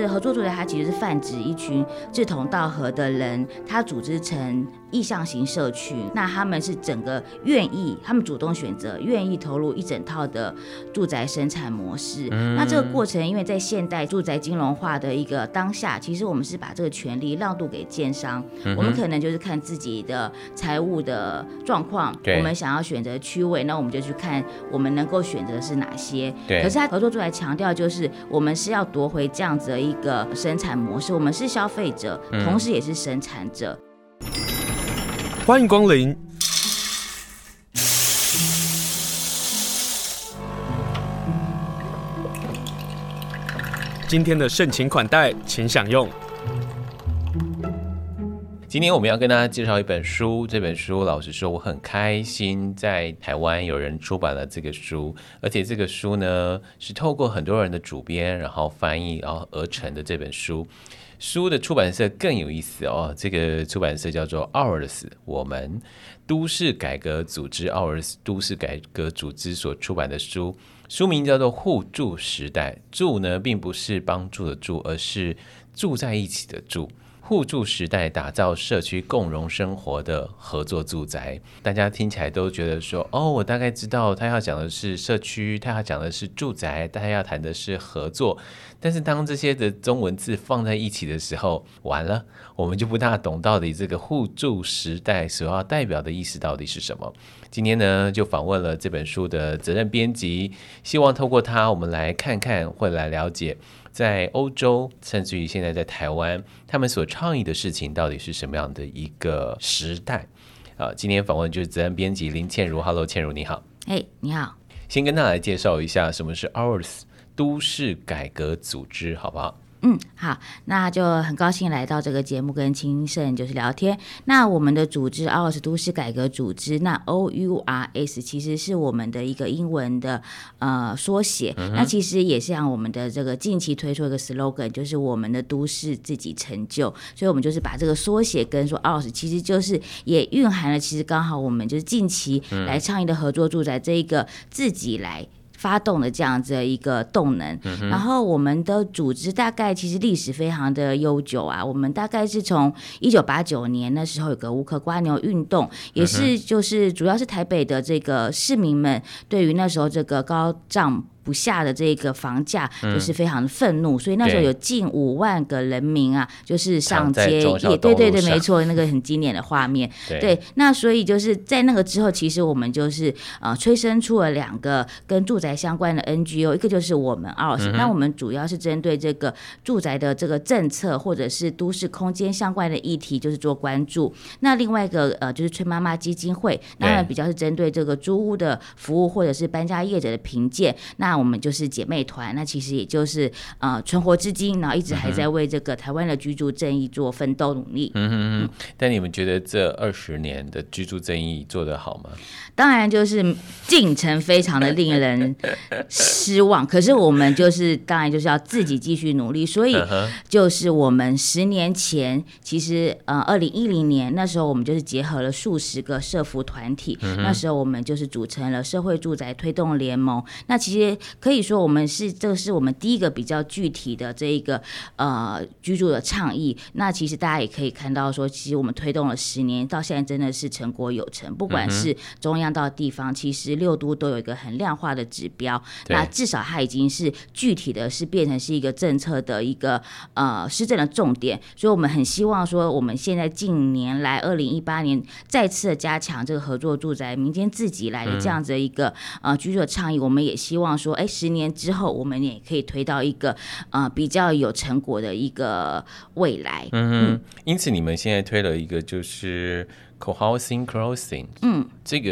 是合作組織，它其實是泛指一群志同道合的人，他組織成。意向型社區，那他們是整個願意，他們主動選擇，願意投入一整套的住宅生產模式。嗯、哼那這個過程，因為在現代住宅金融化的一個當下，其實我們是把這個權利讓渡給建商。嗯、哼我們可能就是看自己的財務的狀況，對我們想要選擇區位，那我們就去看我們能夠選擇的是哪些。對可是他合作住宅強調，就是我們是要奪回這樣子的一個生產模式，我們是消費者，嗯、同時也是生產者。歡迎光臨！今天的盛情款待，請享用。今天我們要跟大家介紹一本書，這本書，老實說，我很開心，在台灣有人出版了這個書，而且這個書呢，是透過很多人的主編，然後翻譯，然後而成的這本書。書的出版社更有意思哦，這個出版社叫做 OURs，我們都市改革組織 OURs 都市改革組織所出版的書，書名叫做《互住時代》，住呢並不是幫助的助，而是住在一起的住。互住時代，打造社區共融生活的合作住宅。大家聽起來都覺得說，哦，我大概知道他要講的是社區，他要講的是住宅，他要談的是合作。但是當這些的中文字放在一起的時候，完了，我們就不大懂到底這個互住時代所要代表的意思到底是什麼？今天呢，就訪問了這本書的責任編輯，希望透過它，我們來看看或來了解。在歐洲，甚至於現在在台灣，他們所倡議的事情到底是什麼樣的一個時代？啊、呃，今天訪問就是責任編輯林倩茹，哈嘍，Hello, 倩茹你好。哎，你好。Hey, 你好，先跟大家來介紹一下什麼是 OURs 都市改革組織，好不好？嗯，好，那就很高興來到這個節目，跟清盛就是聊天。那我們的組織 OURS 都市改革組織，那 O U R S 其實是我們的一個英文的呃縮寫。嗯、哼那其實也像我們的這個近期推出一個 slogan，就是我們的都市自己成就。所以我們就是把這個縮寫跟說 OURS，其實就是也蘊含了，其實剛好我們就是近期來倡議的合作住宅、嗯、這一個自己來。發動的這樣子的一個動能，嗯、哼然後我們的組織大概其實歷史非常的悠久啊，我們大概是從一九八九年那時候有個無殼蝸牛運動，也是就是主要是台北的這個市民們對於那時候這個高漲不下的這個房價就是非常的憤怒，嗯、所以那時候有近五萬個人民啊，對就是上街，上對對對，沒錯，那個很經典的畫面。對，對，那所以就是在那個之後，其實我們就是呃催生出了兩個跟住宅相關的 NGO，一個就是我們 OURs、嗯、哼那我們主要是針對這個住宅的這個政策或者是都市空間相關的議題，就是做關注。那另外一個呃就是崔媽媽基金會，當然比較是針對這個租屋的服務或者是搬家業者的評鑑。那我們就是姐妹團，那其實也就是呃存活至今，然後一直還在為這個台灣的居住正義做奮鬥努力。嗯哼嗯嗯。但你們覺得這二十年的居住正義做得好嗎？當然，就是進程非常的令人失望。 可是我們就是當然就是要自己繼續努力，所以就是我們十年前，其實呃二零一零年那時候，我們就是結合了數十個社福團體，嗯、哼那時候我們就是組成了社會住宅推動聯盟。那其實。可以說，我們是這個是我們第一個比較具體的這一個呃居住的倡議。那其實大家也可以看到說，說其實我們推動了十年，到現在真的是成果有成。不管是中央到地方，嗯、哼其實六都都有一個很量化的指標。對那至少它已經是具體的，是變成是一個政策的一個呃施政的重點。所以，我們很希望說，我們現在近年來二零一八年再次的加強這個合作住宅，民間自己來的這樣子的一個、嗯、呃居住的倡議，我們也希望說。哎，十年之後我們也可以推到一個呃比較有成果的一個未來。嗯，嗯哼，因此你們現在推了一個就是。Co-housing, crossing，嗯，這個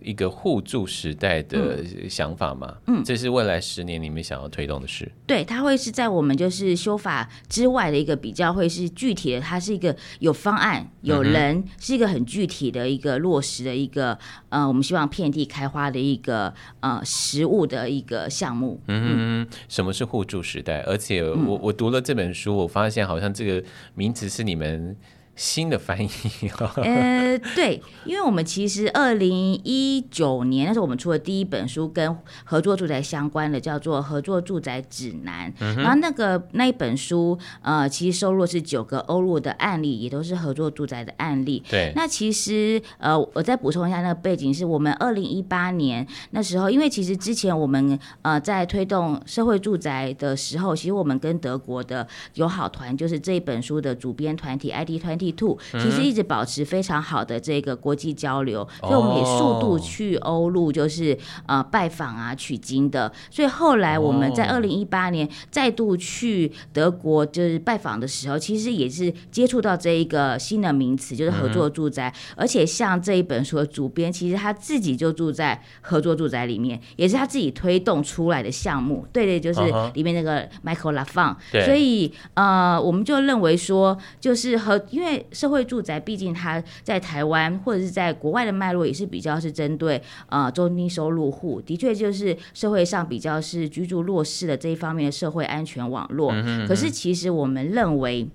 一個互住時代的想法嘛，嗯，嗯，這是未來十年你們想要推動的事。對，它會是在我們就是修法之外的一個比較會是具體的，它是一個有方案、有人，嗯、哼是一個很具體的一個落實的一個呃，我們希望遍地開花的一個呃實物的一個項目。嗯，什麼是互住時代？而且我、嗯、我讀了這本書，我發現好像這個名詞是你們。新的翻譯、哦，呃，對，因為我們其實二零一九年那時候我們出了第一本書，跟合作住宅相關的，叫做《合作住宅指南》，嗯、哼然後那個那一本書，呃，其實收入是九個歐陸的案例，也都是合作住宅的案例。對，那其實呃，我再補充一下那個背景，是我們二零一八年那時候，因為其實之前我們呃在推動社會住宅的時候，其實我們跟德國的友好團，就是這一本書的主編團體 ID 團體。地圖其實一直保持非常好的這個國際交流，嗯、所以我們也數度去歐陸就是呃拜訪啊取經的，所以後來我們在二零一八年再度去德國就是拜訪的時候，其實也是接觸到這一個新的名詞，就是合作住宅。嗯、而且像這一本書的主編其實他自己就住在合作住宅裡面，也是他自己推動出來的項目。對的，就是裡面那個 Michael Lafon、嗯。對，所以呃我們就認為說就是和因為。社會住宅畢竟它在台灣或者是在國外的脈絡也是比較是針對呃中低收入戶，的確就是社會上比較是居住弱勢的這一方面的社會安全網絡。嗯哼嗯哼，可是其實我們認為。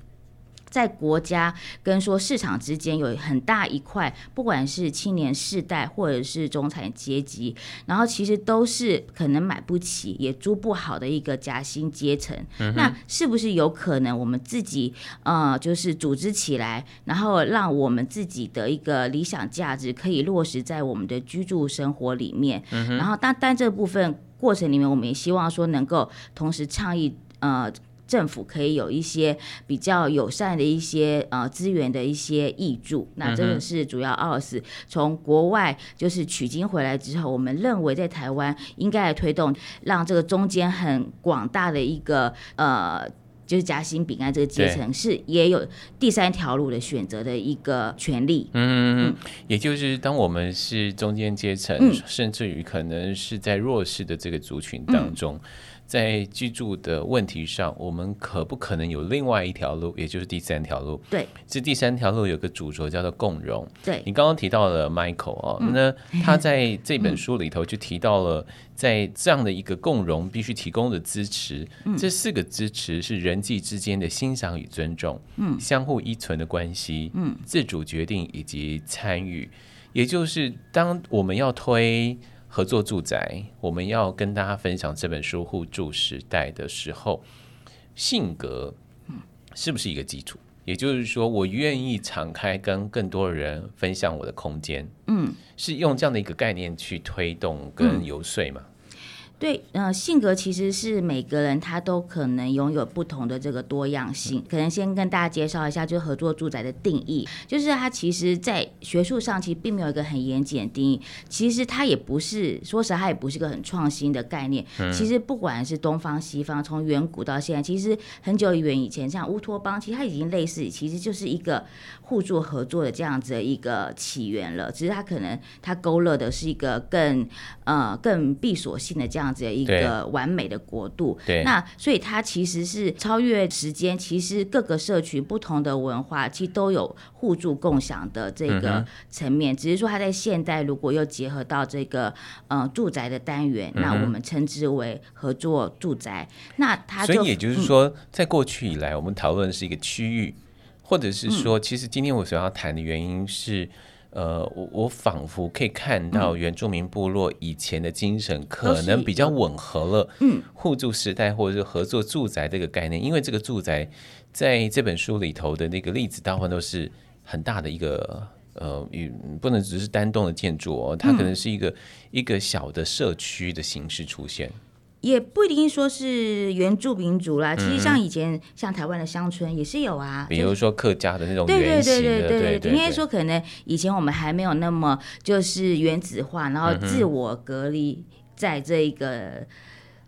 在國家跟說市場之間有很大一塊，不管是青年世代或者是中產階級，然後其實都是可能買不起也租不好的一個夾心階層。那是不是有可能我們自己呃，就是組織起來，然後讓我們自己的一個理想價值可以落實在我們的居住生活裡面？然後當但，但這部分過程裡面，我們也希望說能夠同時倡議呃。政府可以有一些比較友善的一些呃資源的一些挹注。嗯、哼那這個是主要二是從國外就是取經回來之後，我們認為在台灣應該來推動，讓這個中間很廣大的一個呃就是夾心餅乾這個階層是也有第三條路的選擇的一個權利。嗯哼，嗯哼也就是當我們是中間階層，嗯、甚至於可能是在弱勢的這個族群當中。嗯在居住的問題上，我們可不可能有另外一條路，也就是第三條路？對，這第三條路有個主軸叫做共融。對，你剛剛提到了 Michael 啊、嗯哦，那他在這本書裡頭就提到了，在這樣的一個共融，必須提供的支持，嗯、這四個支持是人際之間的欣賞與尊重，嗯、相互依存的關係，嗯、自主決定以及參與，也就是當我們要推。合作住宅，我們要跟大家分享這本書《互住時代》的時候，性格是不是一個基礎？也就是說，我願意敞開跟更多人分享我的空間，嗯，是用這樣的一個概念去推動跟游說嘛？嗯。對，呃，性格其實是每個人他都可能擁有不同的這個多樣性。可能先跟大家介紹一下，就是合作住宅的定義，就是它其實，在學術上其實並沒有一個很嚴謹的定義。其實它也不是，說實話它也不是個很創新的概念。嗯、其實不管是東方西方，從遠古到現在，其實很久遠以前，像烏托邦，其實它已經類似，其實就是一個互助合作的這樣子的一個起源了。只是它可能它勾勒的是一個更呃更閉鎖性的這樣子。這樣子的一個完美的國度，對。那所以它其實是超越時間，其實各個社群不同的文化，其實都有互助共享的這個層面。嗯、哼只是說它在現代，如果又結合到這個呃住宅的單元，嗯、哼那我們稱之為合作住宅。嗯、哼那它所以也就是說，在過去以來，我們討論是一個區域，嗯、或者是說，其實今天我想要談的原因是。呃，我我仿佛可以看到原住民部落以前的精神可能比較吻合了，互住時代或者是合作住宅這個概念，因為這個住宅在這本書裡頭的那個例子，大部分都是很大的一個呃，與不能只是單棟的建築哦，它可能是一個一個小的社區的形式出現。也不一定說是原住民族啦，其實像以前，嗯、像台灣的鄉村也是有啊，比如說客家的那種的。對對對對對對，應該說可能以前我們還沒有那麼就是原子化，嗯、哼然後自我隔離在這一個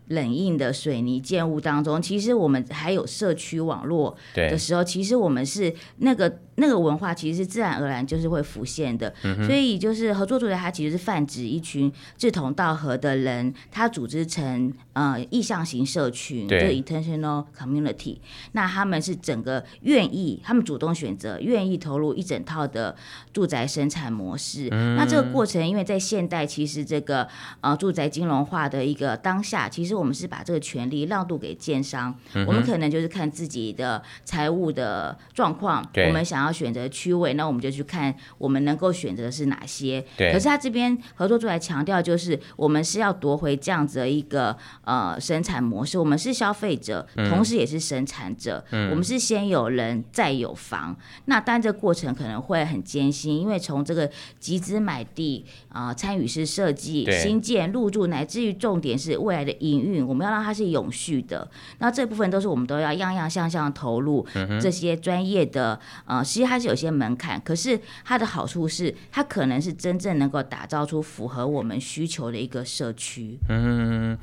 冷硬的水泥建物當中，其實我們還有社區網絡的時候，對其實我們是那個。那個文化其實是自然而然就是會浮現的，嗯、哼所以就是合作住宅它其實是泛指一群志同道合的人，他組織成呃意向型社群，對就 intentional community。那他們是整個願意，他們主動選擇，願意投入一整套的住宅生產模式。嗯、那這個過程，因為在現代其實這個呃住宅金融化的一個當下，其實我們是把這個權利讓渡給建商，嗯、哼我們可能就是看自己的財務的狀況，對我們想要。選擇區位，那我們就去看我們能夠選擇的是哪些。對可是他這邊合作住宅強調，就是我們是要奪回這樣子的一個呃生產模式，我們是消費者，嗯、同時也是生產者。嗯、我們是先有人再有房，嗯、那但這過程可能會很艱辛，因為從這個集資買地啊、呃，參與式設計、對新建、入住，乃至於重點是未來的營運，我們要讓它是永續的。那這部分都是我們都要樣樣項項投入、嗯、哼這些專業的呃。其實它是有些門檻，可是它的好處是，它可能是真正能夠打造出符合我們需求的一個社區。嗯，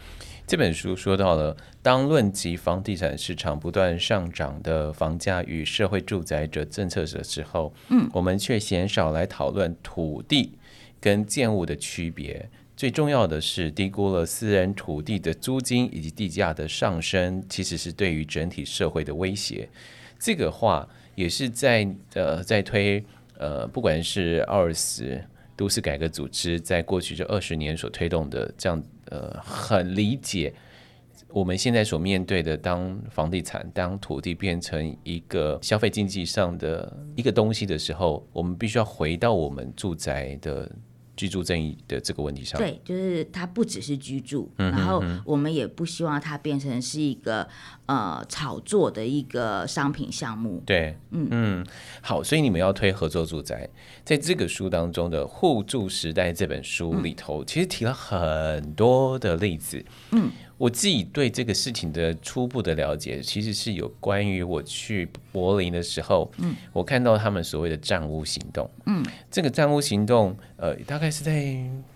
這本書說到了，當論及房地產市場不斷上漲的房價與社會住宅者政策的時候，嗯，我們卻鮮少來討論土地跟建物的區別。最重要的是低估了私人土地的租金以及地價的上升，其實是對於整體社會的威脅。這個話也是在呃，在推呃，不管是 OURs 都市改革組織在過去這二十年所推動的，這樣呃很理解我們現在所面對的，當房地產，當土地變成一個消費經濟上的一個東西的時候，我們必須要回到我們住宅的，居住正義的這個問題上，對，就是它不只是居住，嗯、哼哼，然後我們也不希望它變成是一個呃炒作的一個商品項目。對，嗯嗯，好，所以你們要推合作住宅，在這個書當中的《互住時代》這本書裡頭，嗯、其實提了很多的例子，嗯。我自己對這個事情的初步的了解，其實是有關於我去柏林的時候，嗯，我看到他們所謂的“佔屋行動”，嗯，這個“佔屋行動”呃，大概是在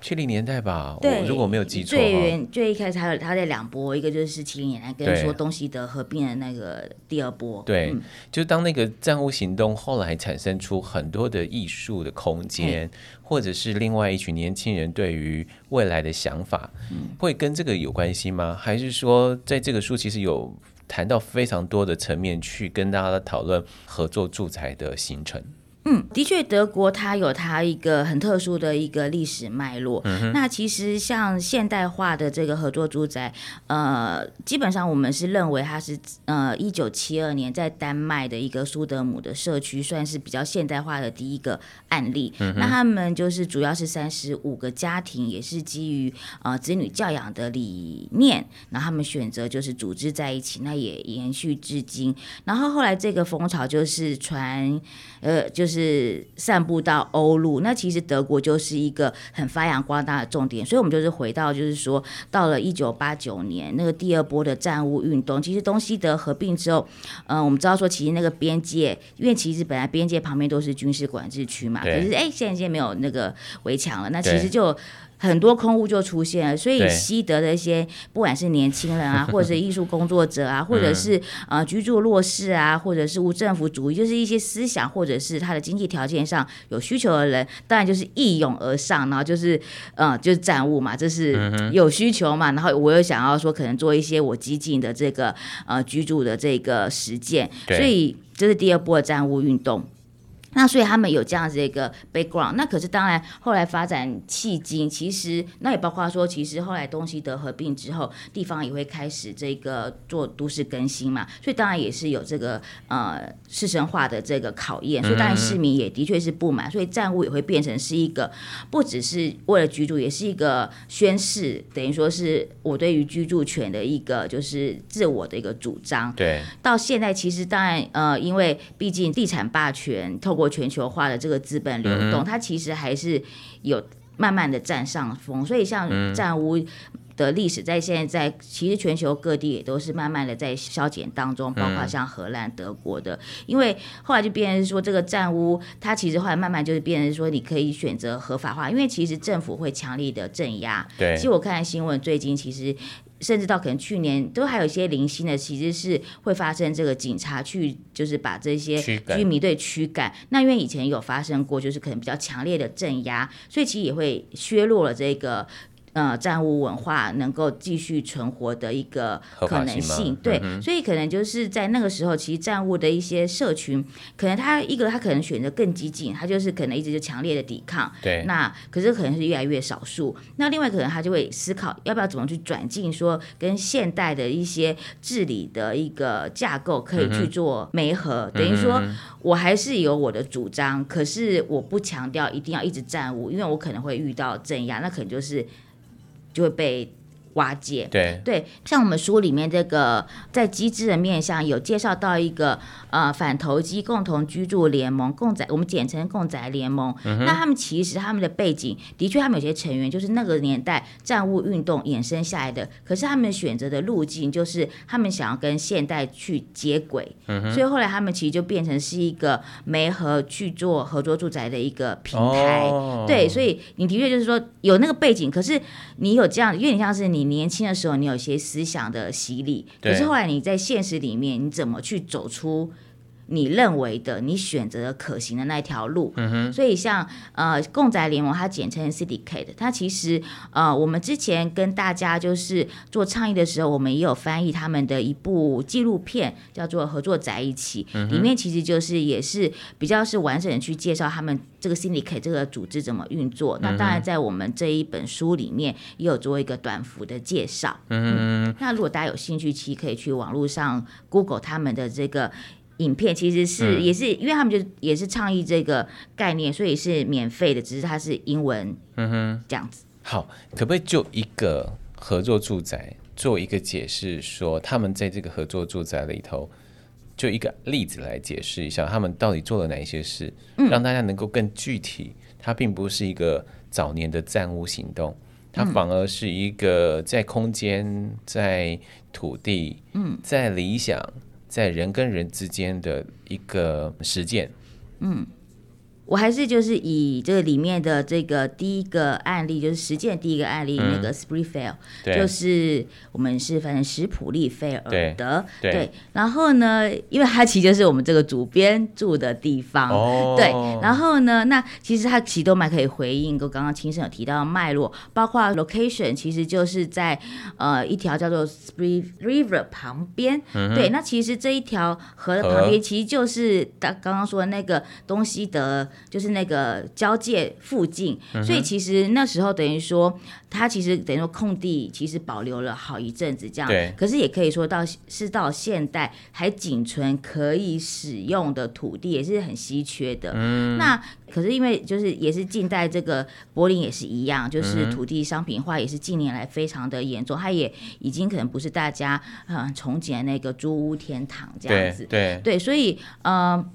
七零年代吧，對我如果沒有記錯。對哦、最遠最一開始，還有他在兩波，一個就是七零年代跟說東西德合併的那個第二波，對，嗯、就當那個“佔屋行動”後來產生出很多的藝術的空間。Okay. 或者是另外一群年輕人對於未來的想法，會跟這個有關係嗎？還是說，在這個書其實有談到非常多的層面去跟大家討論合作住宅的形成？嗯，的確，德國它有它一個很特殊的一個歷史脈絡。嗯、哼那其實像現代化的這個合作住宅，呃，基本上我們是認為它是呃一九七二年在丹麥的一個蘇德姆的社區，算是比較現代化的第一個案例。嗯、哼那他們就是主要是三十五個家庭，也是基於呃子女教養的理念，然後他們選擇就是組織在一起，那也延續至今。然後後來這個風潮就是傳，呃，就是。就是散布到歐陸，那其實德國就是一個很發揚光大的重點，所以我們就是回到，就是說到了一九八九年那個第二波的佔屋運動，其實東西德合併之後，嗯、呃，我們知道說其實那個邊界，因為其實本來邊界旁邊都是軍事管制區嘛，對可是哎，現在已經沒有那個圍牆了，那其實就。很多空屋就出現了，所以西德的一些對不管是年輕人啊，或者是藝術工作者啊， 或者是呃居住弱勢啊，或者是無政府主義，就是一些思想或者是他的經濟條件上有需求的人，當然就是一擁而上，然後就是呃就是佔屋嘛，這是有需求嘛，然後我又想要說可能做一些我激進的這個呃居住的這個實踐，對所以這是第二波的占屋運動。那所以他們有這樣子的一個 background，ground, 那可是當然後來發展迄今，其實那也包括說，其實後來東西德合併之後，地方也會開始這個做都市更新嘛，所以當然也是有這個呃仕紳化的這個考驗，所以當然市民也的確是不滿，所以佔屋也會變成是一個不只是為了居住，也是一個宣示，等於說是我對於居住權的一個就是自我的一個主張。對，到現在其實當然呃，因為畢竟地產霸權通透全球化的這個資本流動，嗯、它其實還是有慢慢的佔上風。所以像佔屋的歷史，在現在，在其實全球各地也都是慢慢的在消減當中。包括像荷蘭、德國的，嗯、因為後來就變成說，這個佔屋它其實後來慢慢就是變成是說，你可以選擇合法化，因為其實政府會強力的鎮壓。對，其實我看新聞最近其實。甚至到可能去年都還有一些零星的，其實是會發生這個警察去，就是把這些居民隊驅趕。趕那因為以前有發生過，就是可能比較強烈的鎮壓，所以其實也會削弱了這個。呃，佔屋文化能夠繼續存活的一個可能性，性對，嗯、哼所以可能就是在那個時候，其實佔屋的一些社群，可能他一個他可能選擇更激進，他就是可能一直就強烈的抵抗，對。那可是可能是越來越少數，那另外可能他就會思考要不要怎麼去轉進，說跟現代的一些治理的一個架構可以去做媒合，嗯、哼等於說我還是有我的主張，嗯哼嗯哼，可是我不強調一定要一直佔屋，因為我可能會遇到鎮壓，那可能就是。就會被。瓦解，對對，像我們書裡面這個在機制的面向有介紹到一個呃反投機共同居住聯盟共宅，我們簡稱共宅聯盟。嗯、哼那他們其實他們的背景的確他們有些成員就是那個年代佔屋運動衍生下來的，可是他們選擇的路徑就是他們想要跟現代去接軌，嗯、哼所以後來他們其實就變成是一個媒合去做合作住宅的一個平台。哦、對，所以你的確就是說有那個背景，可是你有這樣，因為你像是你。你年輕的時候，你有些思想的洗禮，對可是後來你在現實裡面，你怎麼去走出？你認為的，你選擇的可行的那條路。嗯、哼所以像呃共宅聯盟，它簡稱 C D K 的，它其實呃我們之前跟大家就是做倡議的時候，我們也有翻譯他們的一部紀錄片，叫做《合作在一起》嗯哼，裡面其實就是也是比較是完整的去介紹他們這個 C D K 這個組織怎麼運作。嗯、哼那當然，在我們這一本書裡面也有做一個短幅的介紹。嗯，哼嗯那如果大家有興趣，其實可以去網絡上 Google 他們的這個。影片其實是、嗯、也是，因為他們就也是倡議這個概念，所以是免費的，只是它是英文，嗯哼，這樣子、嗯。好，可不可以就一個合作住宅做一個解釋，說他們在這個合作住宅裡頭，就一個例子來解釋一下，他們到底做了哪些事？嗯、讓大家能夠更具體。它並不是一個早年的佔屋行動，它反而是一個在空間、在土地、嗯，在理想。嗯在人跟人之間的一個實踐，嗯。我還是就是以這裡面的這個第一個案例，就是實踐第一個案例、嗯、那個 Spreefeld，對就是我們是反正史普利菲爾德，對，對對然後呢，因為它其實就是我們這個主編住的地方，哦、對，然後呢，那其實它其實都蠻可以回應我剛剛清盛有提到的脈絡，包括 location，其實就是在呃一條叫做 Spree River 旁邊，嗯、哼對，那其實這一條河的旁邊其實就是剛剛剛說的那個東西的。就是那個交界附近，嗯、哼所以其實那時候等於說，它其實等於說空地其實保留了好一陣子這樣，對。可是也可以說到是到現代還僅存可以使用的土地也是很稀缺的，嗯。那可是因為就是也是近代這個柏林也是一樣，就是土地商品化也是近年來非常的嚴重，嗯、它也已經可能不是大家嗯、呃、重建那個租屋天堂這樣子，對對，對，所以嗯。呃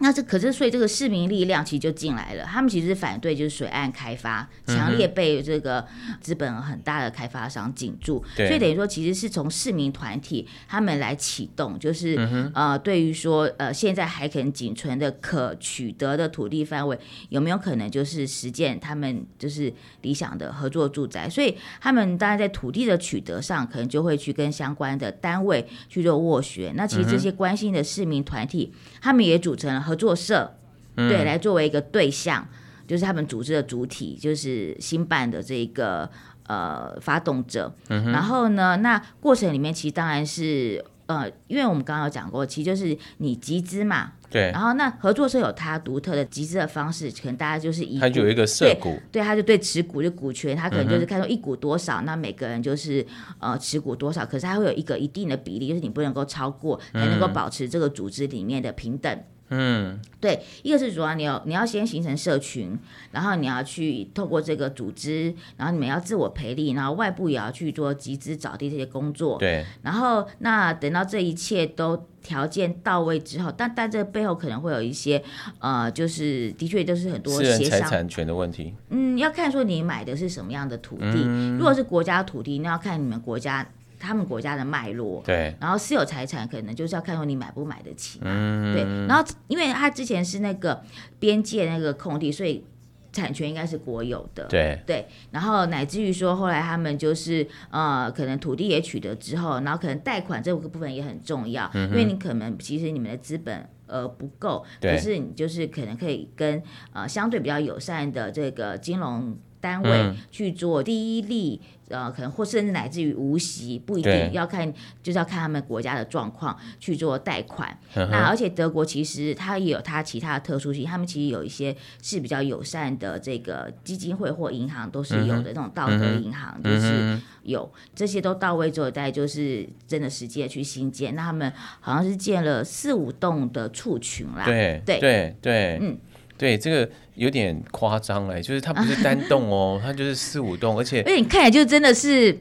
那這可是所以這個市民力量其實就進來了，他們其實反對就是水岸開發，嗯、哼強烈被這個資本很大的開發商進駐，對所以等於說其實是從市民團體他們來啟動，就是呃對於說呃現在還可能僅存的可取得的土地範圍，有沒有可能就是實踐他們就是理想的合作住宅？所以他們當然在土地的取得上，可能就會去跟相關的單位去做斡旋。那其實這些關心的市民團體，他們也組成了。合作社，對、嗯、來作為一個對象，就是他們組織的主體，就是新辦的這一個呃發動者。嗯、哼然後呢，那過程裡面其實當然是呃，因為我們剛剛有講過，其實就是你集資嘛。對。然後那合作社有它獨特的集資的方式，可能大家就是以它就有一個社股，對，對，他就對持股就股權，他可能就是看到一股多少，嗯、哼那每個人就是呃持股多少，可是他會有一個一定的比例，就是你不能夠超過，才能夠保持這個組織裡面的平等。嗯，對，一個是主要你要你要先形成社群，然後你要去透過這個組織，然後你們要自我培力，然後外部也要去做集資找地這些工作。對，然後那等到這一切都條件到位之後，但但這背後可能會有一些呃，就是的確就是很多協商產權的問題。嗯，要看說你買的是什麼樣的土地，嗯，如果是國家土地，那要看你們國家，他們國家的脈絡，對，然後私有財產可能就是要看說你買不買得起嘛、啊，嗯、對，然後因為他之前是那個邊界那個空地，所以產權應該是國有的，對對，然後乃至於說後來他們就是呃，可能土地也取得之後，然後可能貸款這個部分也很重要，嗯、哼因為你可能其實你們的資本呃不夠，對，可是你就是可能可以跟呃相對比較友善的這個金融單位去做第一例。嗯呃，可能或甚至乃至於無息，不一定要看，對就是要看他們國家的狀況去做貸款。嗯、哼那而且德國其實它也有它其他的特殊性，他們其實有一些是比較友善的這個基金會或銀行都是有的，這種道德銀行、嗯嗯嗯、就是有這些都到位之後再就是真的實際去新建。那他們好像是建了四五棟的簇群啦，對對對，對對嗯。對，這個有點誇張哎，就是它不是單棟哦、喔， 它就是四五棟，而且，而且你看起來就真的是，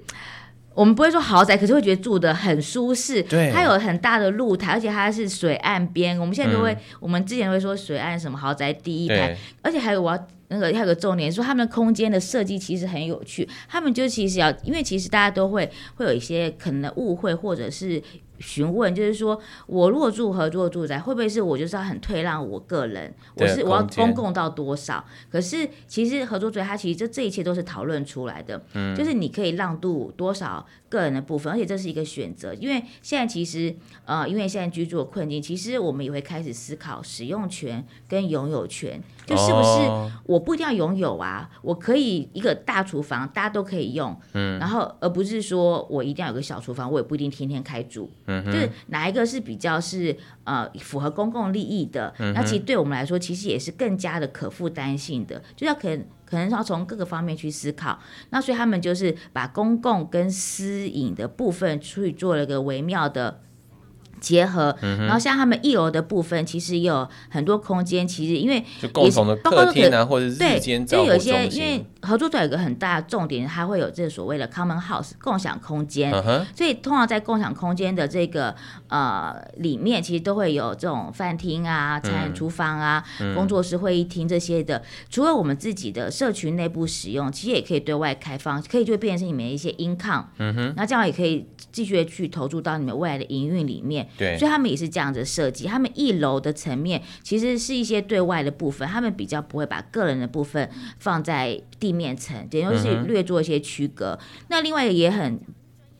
我們不會說豪宅，可是會覺得住得很舒適。對，它有很大的露台，而且它是水岸邊。我們現在都會，嗯、我們之前會說水岸什麼豪宅第一排，對而且還有我要那個還有個重點，就是、說他們空的空間的設計其實很有趣，他們就其實要，因為其實大家都會會有一些可能的誤會或者是。詢問就是說，我如果住合作住宅，會不會是我就是要很退讓我個人？對我是我要公共到多少？間可是其實合作住宅，它其實這這一切都是討論出來的。嗯，就是你可以讓渡多少個人的部分，而且這是一個選擇。因為現在其實呃，因為現在居住的困境，其實我們也會開始思考使用權跟擁有權，就是不是我不一定要擁有啊，哦、我可以一個大廚房大家都可以用，嗯，然後而不是說我一定要有個小廚房，我也不一定天天開煮。 就是哪一個是比較是呃符合公共利益的， 那其實對我們來說，其實也是更加的可負擔性的，就要可能可能要從各個方面去思考。那所以他們就是把公共跟私隱的部分去做了一個微妙的結合，嗯、哼然後像他們一樓的部分，其實也有很多空間。其實因為就共同的客廳啊，對或者對，就有一些因為合作者有個很大的重點，它會有這個所謂的 common house 共享空間。嗯、哼所以通常在共享空間的這個呃裡面，其實都會有這種飯廳啊、嗯、餐廚房啊、嗯、工作室、會議廳這些的。除了我們自己的社群內部使用，其實也可以對外開放，可以就變成是裡面一些 income。嗯哼，那這樣也可以，繼續去投注到你們未來的營運裡面，對，所以他們也是這樣子設計。他們一樓的層面其實是一些對外的部分，他們比較不會把個人的部分放在地面層，等於是略做一些區隔。嗯、哼那另外一個也很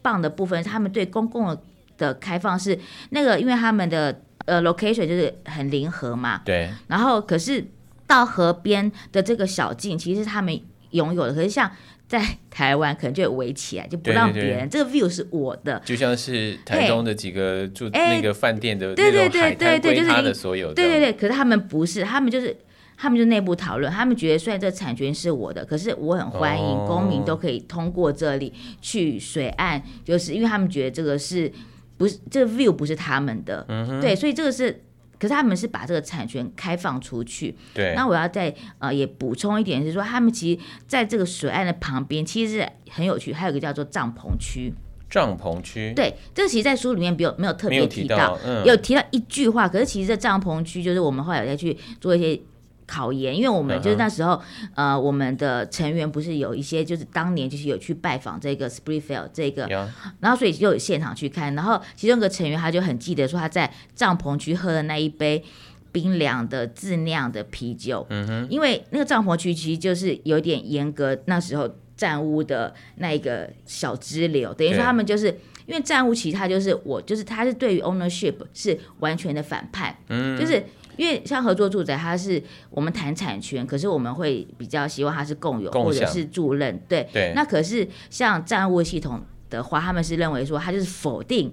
棒的部分，他們對公共的開放是那個，因為他們的呃 location 就是很臨河嘛，對。然後可是到河邊的這個小徑，其實他們擁有的，可是像。在台灣可能就會圍起來，就不讓別人。對對對這個 view 是我的，就像是台中的幾個住那個飯店的對，欸、的的對對對對對、就是他的所有，對對對。可是他們不是，他們就是他們就內部討論，他們覺得雖然這產權是我的，可是我很歡迎公民都可以通過這裡去水岸，哦、就是因為他們覺得這個是不是這個、view 不是他們的，嗯、哼對，所以這個是。可是他們是把這個產權開放出去，對。那我要再呃也補充一點，是說他們其實在這個水岸的旁邊，其實很有趣，還有一個叫做帳篷區。帳篷區。對，這其實在書裡面沒有沒有特別提到，沒有提到，嗯。有提到一句話。可是其實，在帳篷區就是我們後來再去做一些。考研，因為我們就是那時候，uh huh. 呃，我們的成員不是有一些，就是當年就是有去拜訪這個 Spreefeld 這個，Yeah. 然後所以就有現場去看，然後其中一個成員他就很記得說他在帳篷區喝的那一杯冰涼的自釀的啤酒，嗯哼、uh，huh. 因為那個帳篷區其實就是有點嚴格，那時候戰屋的那一個小支流，等於說他們就是 Yeah. 因為戰屋，其實他就是我，就是他是對於 ownership 是完全的反叛，嗯、uh，huh. 就是。因為像合作住宅，它是我們談產權，可是我們會比較希望它是共有共享或者是住任，對。對。那可是像占屋系統的話，他們是認為說它就是否定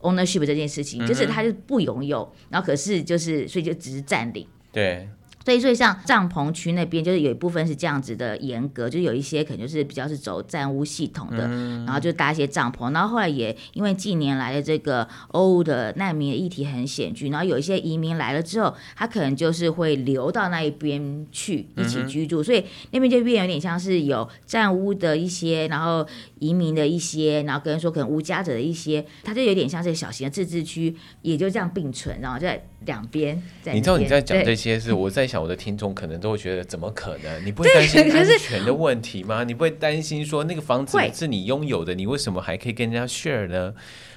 ownership 這件事情，嗯、哼就是它就是不擁有，然後可是就是所以就只是占領。對。所以，所以像帳篷區那邊，就是有一部分是這樣子的嚴格，就有一些可能就是比較是走佔屋系統的，嗯、然後就搭一些帳篷。然後後來也因為近年來的這個歐的難民的議題很險峻，然後有一些移民來了之後，他可能就是會留到那一邊去一起居住，嗯、哼所以那邊就變有點像是有佔屋的一些，然後移民的一些，然後跟說可能無家者的一些，他就有點像是小型的自治區，也就這樣並存，然後就在。兩邊。你知道你在講這些事，對我在想我的聽眾可能都會覺得怎麼可能？你不會擔心安全的問題嗎？就是、你不會擔心說，那個房子是你擁有的，會你為什麼還可以跟人家 share 呢？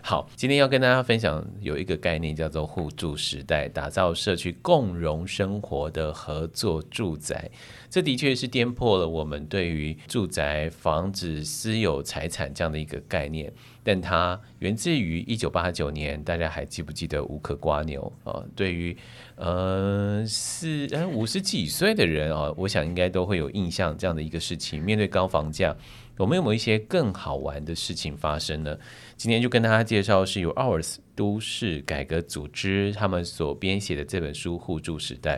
好，今天要跟大家分享有一個概念叫做互住時代，打造社區共融生活的合作住宅。這的確是顛覆了我們對於住宅、房子、私有財產這樣的一個概念。但它源自於一九八九年，大家還記不記得？無殼蝸牛啊、哦，對於呃是哎五十幾歲的人啊、哦，我想應該都會有印象這樣的一個事情。面對高房價。有沒有一些更好玩的事情發生呢？今天就跟大家介紹是由 OURs 都市改革組織他們所編寫的這本書《互住時代》。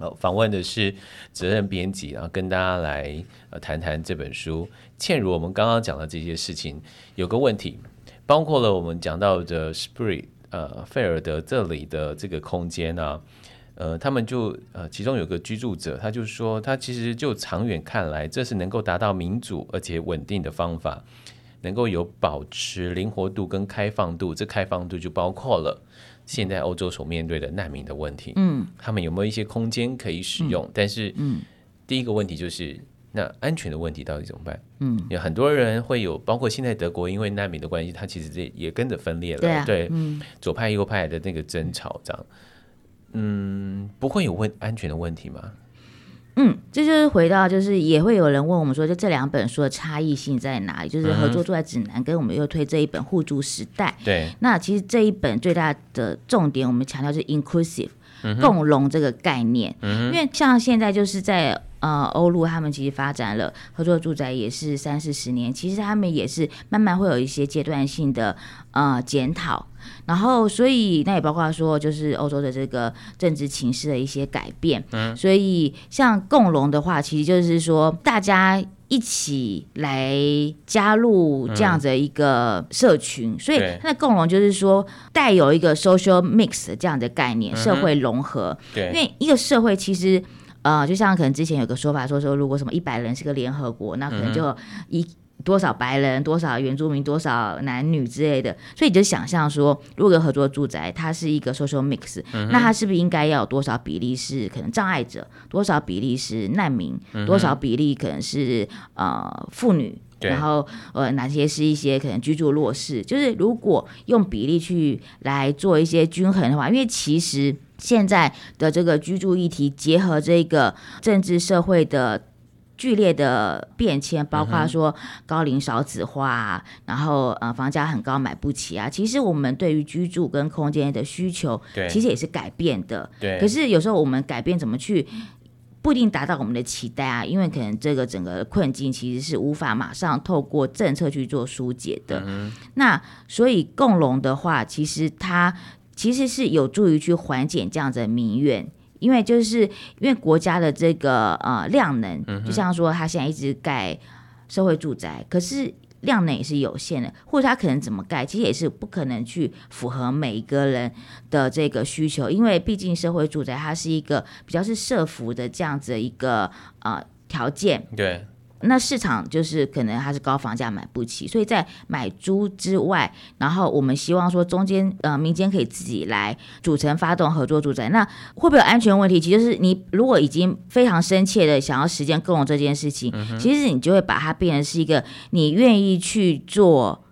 然後訪問的是責任編輯，然後跟大家來談談、呃、這本書。倩如，我們剛剛講的這些事情，有個問題，包括了我們講到的 Spray 呃費爾德這裡的這個空間啊。呃，他們就呃，其中有個居住者，他就說，他其實就長遠看來，這是能夠達到民主而且穩定的方法，能夠有保持靈活度跟開放度。這開放度就包括了現在歐洲所面對的難民的問題，嗯，他們有沒有一些空間可以使用？嗯、但是，嗯、第一個問題就是，那安全的問題到底怎麼辦？嗯，有很多人會有，包括現在德國，因為難民的關係，他其實也也跟着分裂了，嗯、對，左派右派的那個爭吵這樣。嗯，不會有問安全的問題嗎？嗯，這就是回到，就是也會有人問我們說，就這兩本書的差異性在哪裡？嗯、哼就是合作住宅指南跟我們又推這一本互住時代。對，那其實這一本最大的重點，我們強調是 inclusive、嗯、哼共融這個概念，嗯、哼因為像現在就是在。呃，歐陸他們其實發展了合作住宅，也是三四十年。其實他們也是慢慢會有一些階段性的呃檢討，然後所以那也包括說，就是歐洲的這個政治情勢的一些改變。嗯，所以像共融的話，其實就是說大家一起來加入這樣子一個社群。嗯、所以它的共融就是說帶有一個 social mix 這樣的概念，嗯、哼社會融合。對，Okay. 因為一個社會其實。啊、呃，就像可能之前有個說法說，說說如果什麼一百人是個聯合國，那可能就一、嗯、哼多少白人、多少原住民、多少男女之類的。所以你就想象說，如果合作住宅它是一個 social mix，、嗯、哼那它是不是應該要有多少比例是可能障礙者，多少比例是難民，嗯、哼多少比例可能是呃婦女，對然後呃哪些是一些可能居住弱勢？就是如果用比例去來做一些均衡的話，因為其實。現在的這個居住議題，結合這個政治社會的劇烈的變遷，包括說高齡少子化、啊，嗯、哼然後呃房價很高買不起啊，其實我們對於居住跟空間的需求，對，其實也是改變的。對。可是有時候我們改變怎麼去，不一定達到我們的期待啊，因為可能這個整個困境其實是無法馬上透過政策去做疏解的。嗯、哼那所以共融的話，其實它。其實是有助於去緩解這樣子的民怨，因為就是因為國家的這個呃量能，嗯、哼就像說他現在一直蓋社會住宅，可是量能也是有限的，或者他可能怎麼蓋，其實也是不可能去符合每一個人的這個需求，因為畢竟社會住宅它是一個比較是社福的這樣子的一個呃條件。對。那市場就是可能還是高房價買不起，所以在買租之外，然後我們希望說中間呃民間可以自己來組成、發動合作住宅，那會不會有安全問題？其實是你如果已經非常深切的想要實踐共住這件事情，嗯、哼其實你就會把它變成是一個你願意去做。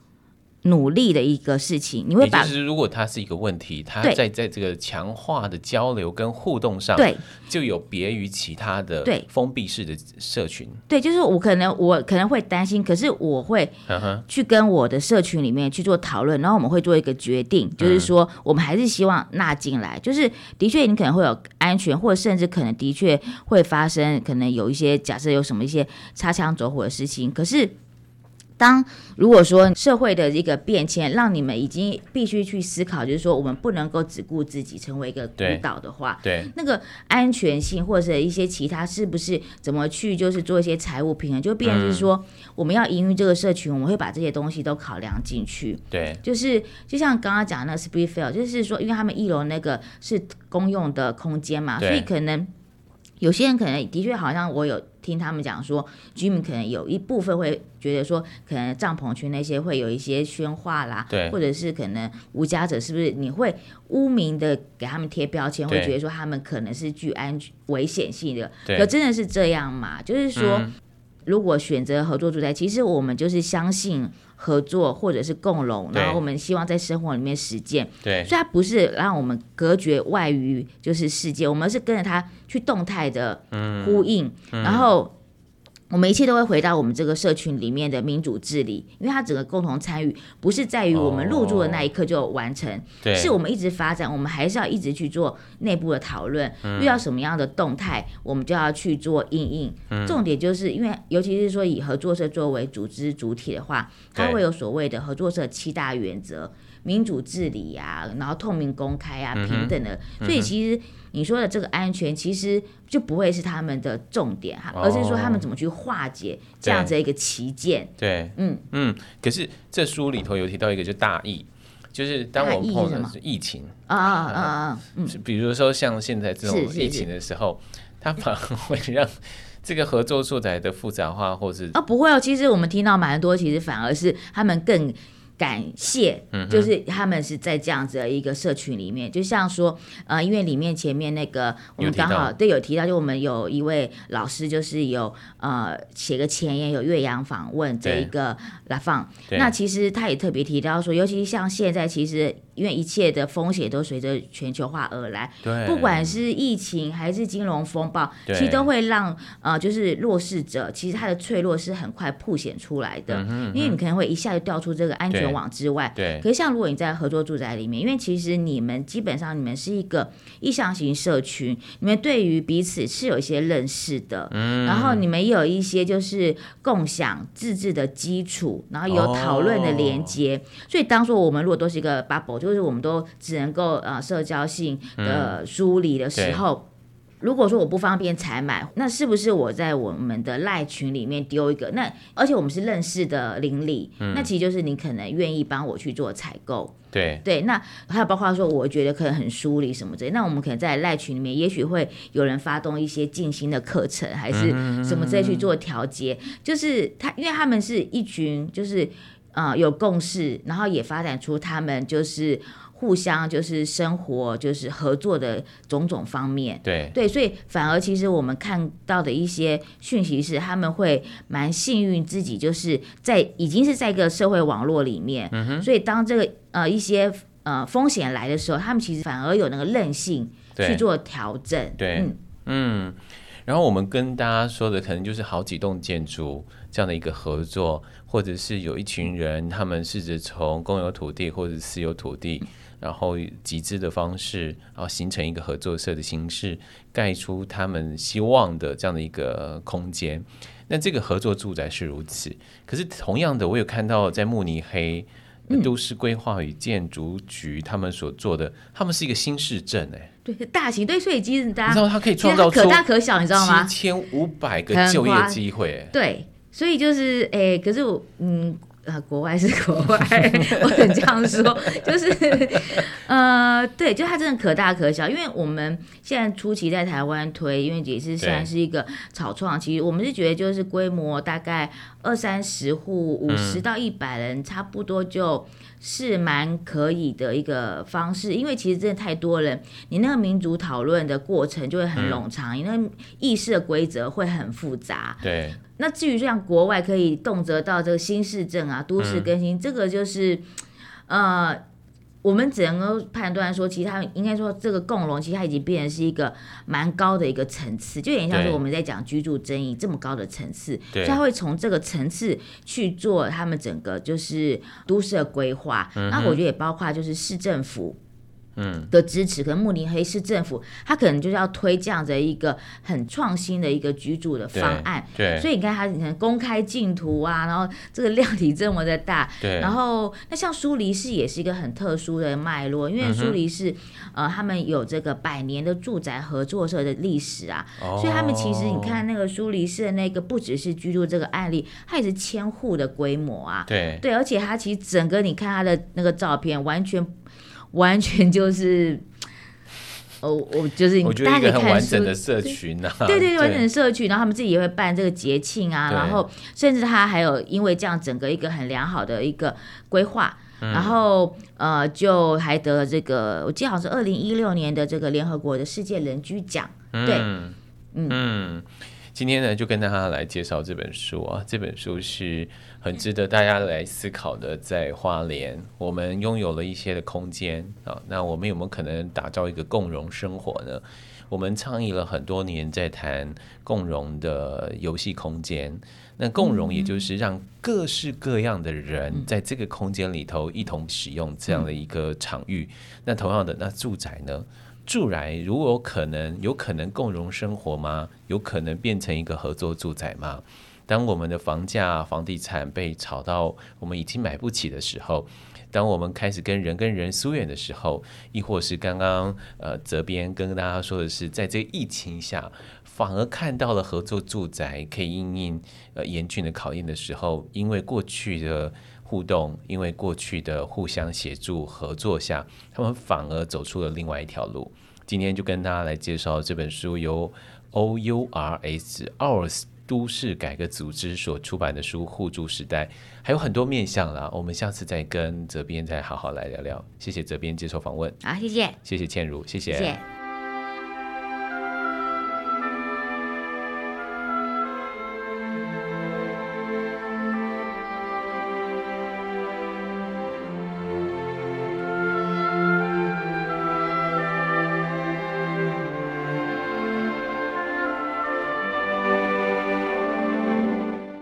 努力的一個事情，你會把，其實如果它是一個問題，它在對在這個強化的交流跟互動上，對，就有別於其他的對封閉式的社群。對，就是我可能我可能會擔心，可是我會去跟我的社群裡面去做討論，uh huh、然後我們會做一個決定，就是說我們還是希望納進來。Uh huh、就是的確，你可能會有安全，或者甚至可能的確會發生，可能有一些假設有什麼一些擦槍走火的事情，可是。當如果說社會的一個變遷讓你們已經必須去思考，就是說我們不能夠只顧自己成為一個孤島的話，對，對那個安全性或者一些其他是不是怎麼去就是做一些財務平衡，就變成就是說我們要營運這個社群，嗯、我們會把這些東西都考量進去。對，就是就像剛剛講的那個 Spreefeld 就是說因為他們一樓那個是公用的空間嘛，對所以可能。有些人可能的確好像我有聽他們講說，居民可能有一部分會覺得說，可能帳篷區那些會有一些喧嘩啦，對，或者是可能無家者是不是你會汙名的給他們貼標籤，對會覺得說他們可能是具安全危險性的，對，可真的是這樣嗎？就是說。嗯如果選擇合作住宅，其實我們就是相信合作或者是共融，然後我們希望在生活裡面實踐。對，雖然不是讓我們隔絕外於就是世界，我們是跟着它去動態的呼應，嗯嗯、然後。我們一切都會回到我們這個社群裡面的民主治理，因為它整個共同參與不是在於我們入住的那一刻就完成，對，oh, oh. 是我們一直發展，對我們還是要一直去做內部的討論，嗯、遇到什麼樣的動態，我們就要去做因應。嗯、重點就是因為，尤其是說以合作社作為組織主體的話，它會有所謂的合作社七大原則。民主治理呀、啊，然後透明公開呀、啊，嗯、哼平等的，所以其實你說的這個安全，其實就不會是他們的重點哈，哦、而是說他們怎麼去化解這樣子對一個歧見。對，嗯嗯。嗯，可是這書裡頭有提到一個就，就大意，就是當我碰的是疫情啊啊啊，嗯，比如說像現在這種疫情的時候，是是是是它反而會讓這個合作住宅的複雜化，或是啊、哦、不會哦，其實我們聽到蠻多，其實反而是他們更。感謝，嗯、哼就是他們是在這樣子的一個社群裡面，就像說，呃，因為裡面前面那個我們剛好都有提到，提到就我們有一位老師，就是有呃寫個前言，有岳陽訪問這一個來訪，那其實他也特別提到說，尤其是像現在，其實。因為一切的風險都隨着全球化而來，對不管是疫情還是金融風暴，對其實都會讓呃，就是弱勢者，其實他的脆弱是很快凸顯出來的，嗯哼嗯哼，因為你可能會一下就掉出這個安全網之外。對。可是，像如果你在合作住宅裡面，對因為其實你們基本上你們是一個意向型社群，你們對於彼此是有一些認識的，嗯，然後你們也有一些就是共享自治的基礎，然後有討論的連接，哦、所以當初我們如果都是一個 bubble 就。就是我們都只能夠呃社交性的疏離的時候，嗯、如果說我不方便採買，那是不是我在我們的賴群裡面丟一個？那而且我們是認識的鄰里，嗯、那其實就是你可能願意幫我去做採購，對對。那還有包括說，我覺得可能很疏離什麼之類，那我們可能在賴群裡面，也許會有人發動一些靜心的課程，還是什麼再去做調節。嗯、就是他，因為他們是一群，就是。呃，有共識，然後也發展出他們就是互相就是生活就是合作的種種方面。對對，所以反而其實我們看到的一些訊息是，他們會蠻幸運自己就是在已經是在一個社會網絡裡面。嗯哼。所以當這個呃一些呃風險來的時候，他們其實反而有那個韌性去做調整。對。對。嗯嗯，然後我們跟大家說的可能就是好幾棟建築。這樣的一個合作，或者是有一群人，他們試着從公有土地或者私有土地，然後集資的方式，然後形成一個合作社的形式，蓋出他們希望的這樣的一個空間。那這個合作住宅是如此，可是同樣的，我有看到在慕尼黑，都市規劃與建築局，嗯、他們所做的，他們是一個新市鎮，欸，哎，對，大型對，所以其實大家你知道它可以創造出可大可小，你知道嗎？七千五百個就業機會，欸，對。所以就是誒、欸，可是我嗯呃、啊，國外是國外， 我只能這樣說，就是呃，對，就它真的可大可小，因為我們現在初期在台灣推，因為也是現在是一個草創，對其實我們是覺得就是規模大概。二三十戶，五十到一百人，差不多就是蠻可以的一個方式。嗯、因為其實真的太多人，你那個民主討論的過程就會很冗長，因為議事的規則會很複雜。對。那至於像國外可以動輒到這個新市政啊、都市更新，嗯、這個就是，呃。我們只能夠判斷說，其實它應該說這個共融，其實它已經變成是一個蠻高的一個層次，就有像是我們在講居住正義這麼高的層次，它對所以會從這個層次去做他們整個就是都市的規劃。對那我覺得也包括就是市政府。嗯嗯的支持，可能慕尼黑市政府，他可能就是要推這樣的一個很創新的一個居住的方案。對，對，所以你看，他公開競圖啊，然後這個量體這麼的大。對。然後，那像蘇黎世也是一個很特殊的脈絡，因為蘇黎世、嗯、哼呃，他們有這個百年的住宅合作社的歷史啊，哦、所以他們其實你看那個蘇黎世的那個，不只是居住這個案例，他也是千戶的規模啊。對。對，而且他其實整個你看他的那個照片，完全。完全就是， 哦，我就是，我覺得一個很完整的社群、啊、 對對對，完整的社群，對然後他們自己也會辦這個節慶啊，對然後甚至他還有因為這樣整個一個很良好的一個規劃，對然後呃就還得了這個，我記得好像是二零一六年的這個聯合國的世界人居獎，嗯、對，嗯。嗯今天呢，就跟大家來介紹這本書啊。這本書是很值得大家來思考的。在花蓮，我們擁有了一些的空間啊，那我們有沒有可能打造一個共融生活呢？我們倡議了很多年，在談共融的遊戲空間。那共融，也就是讓各式各樣的人在這個空間裡頭一同使用這樣的一個場域。那同樣的，那住宅呢？住宅如果有可能，有可能共融生活嗎？有可能變成一個合作住宅嗎？當我們的房價、房地產被炒到我們已經買不起的時候，當我們開始跟人跟人疏遠的時候，亦或是剛剛呃這邊跟大家說的是，在這疫情下，反而看到了合作住宅可以因應呃嚴峻的考驗的時候，因為過去的。互動，因為過去的互相協助合作下，他們反而走出了另外一條路。今天就跟大家來介紹這本書，由 O U R S Ours 都市改革組織所出版的書《互住時代》，還有很多面向啦。我們下次再跟責編再好好來聊聊。謝謝責編接受訪問。好，謝謝。謝謝倩茹，謝謝。謝謝。